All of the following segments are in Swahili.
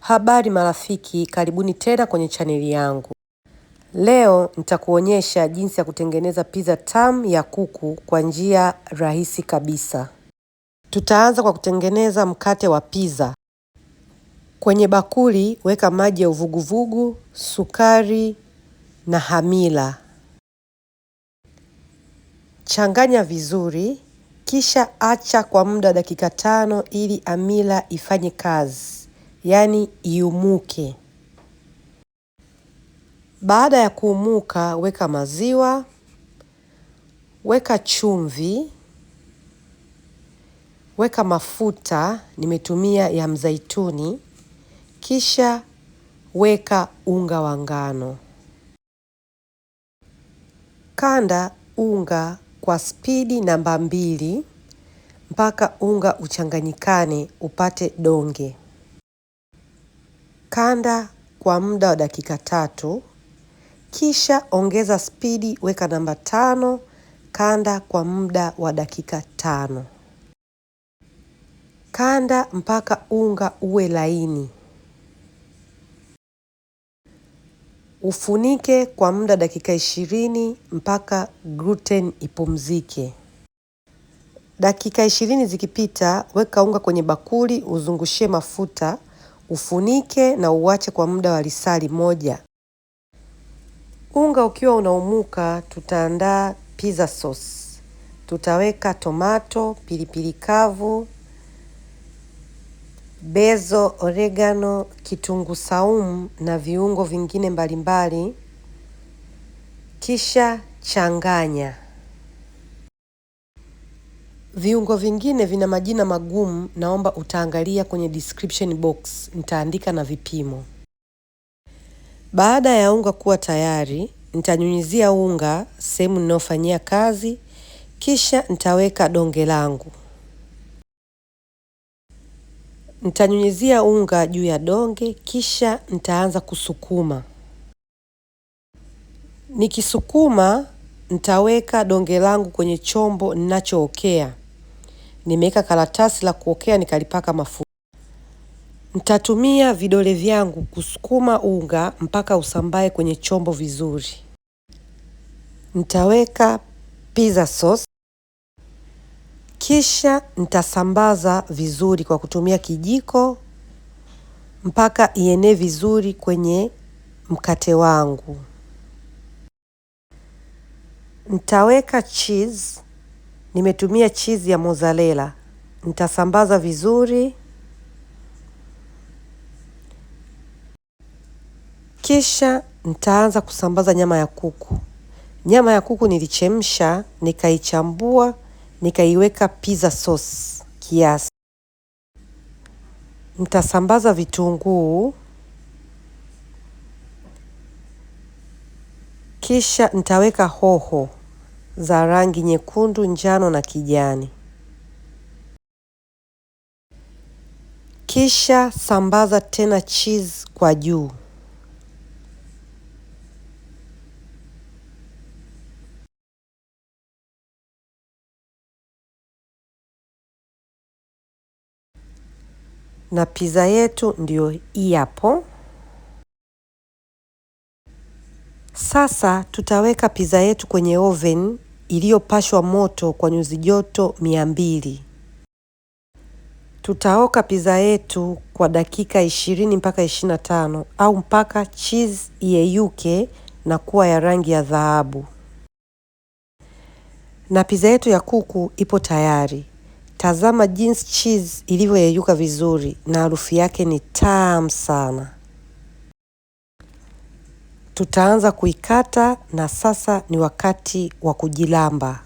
Habari marafiki, karibuni tena kwenye chaneli yangu. Leo nitakuonyesha jinsi ya kutengeneza pizza tamu ya kuku kwa njia rahisi kabisa. Tutaanza kwa kutengeneza mkate wa pizza. Kwenye bakuli weka maji ya uvuguvugu, sukari na hamira. Changanya vizuri kisha acha kwa muda dakika tano ili hamira ifanye kazi yaani iumuke. Baada ya kuumuka, weka maziwa, weka chumvi, weka mafuta, nimetumia ya mzaituni, kisha weka unga wa ngano. Kanda unga kwa spidi namba mbili mpaka unga uchanganyikane upate donge. Kanda kwa muda wa dakika tatu, kisha ongeza spidi, weka namba tano, kanda kwa muda wa dakika tano. Kanda mpaka unga uwe laini. Ufunike kwa muda dakika ishirini mpaka gluten ipumzike. Dakika ishirini zikipita, weka unga kwenye bakuli, uzungushie mafuta ufunike na uwache kwa muda wa lisali moja. Unga ukiwa unaumuka, tutaandaa pizza sauce. Tutaweka tomato, pilipili kavu, bezo, oregano, kitungu saumu na viungo vingine mbalimbali, kisha changanya. Viungo vingine vina majina magumu naomba utaangalia kwenye description box nitaandika na vipimo. Baada ya unga kuwa tayari, nitanyunyizia unga sehemu ninayofanyia kazi kisha nitaweka donge langu. Nitanyunyizia unga juu ya donge kisha nitaanza kusukuma. Nikisukuma nitaweka donge langu kwenye chombo ninachookea nimeweka karatasi la kuokea nikalipaka mafuta. Nitatumia vidole vyangu kusukuma unga mpaka usambae kwenye chombo vizuri. Nitaweka pizza sauce kisha nitasambaza vizuri kwa kutumia kijiko mpaka ienee vizuri kwenye mkate wangu. Nitaweka cheese Nimetumia chizi ya mozzarella. Nitasambaza vizuri, kisha nitaanza kusambaza nyama ya kuku. Nyama ya kuku nilichemsha, nikaichambua, nikaiweka pizza sauce kiasi. Nitasambaza vitunguu, kisha nitaweka hoho za rangi nyekundu, njano na kijani. Kisha sambaza tena cheese kwa juu. Na pizza yetu ndiyo hii hapo. Sasa tutaweka pizza yetu kwenye oven iliyopashwa moto kwa nyuzi joto mia mbili. Tutaoka pizza yetu kwa dakika ishirini mpaka ishirini na tano au mpaka cheese iyeyuke na kuwa ya rangi ya dhahabu. Na pizza yetu ya kuku ipo tayari. Tazama jinsi cheese ilivyoyeyuka vizuri na harufu yake ni tamu sana tutaanza kuikata na sasa ni wakati wa kujilamba.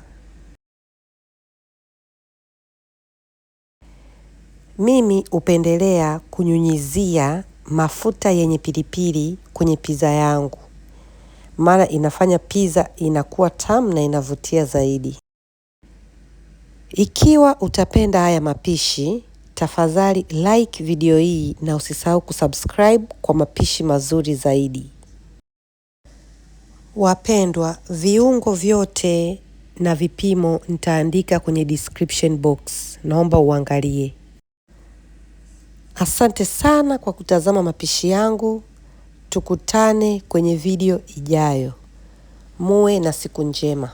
Mimi hupendelea kunyunyizia mafuta yenye pilipili kwenye pizza yangu, mara inafanya pizza inakuwa tamu na inavutia zaidi. Ikiwa utapenda haya mapishi, tafadhali like video hii na usisahau kusubscribe kwa mapishi mazuri zaidi. Wapendwa, viungo vyote na vipimo nitaandika kwenye description box, naomba uangalie. Asante sana kwa kutazama mapishi yangu. Tukutane kwenye video ijayo. Muwe na siku njema.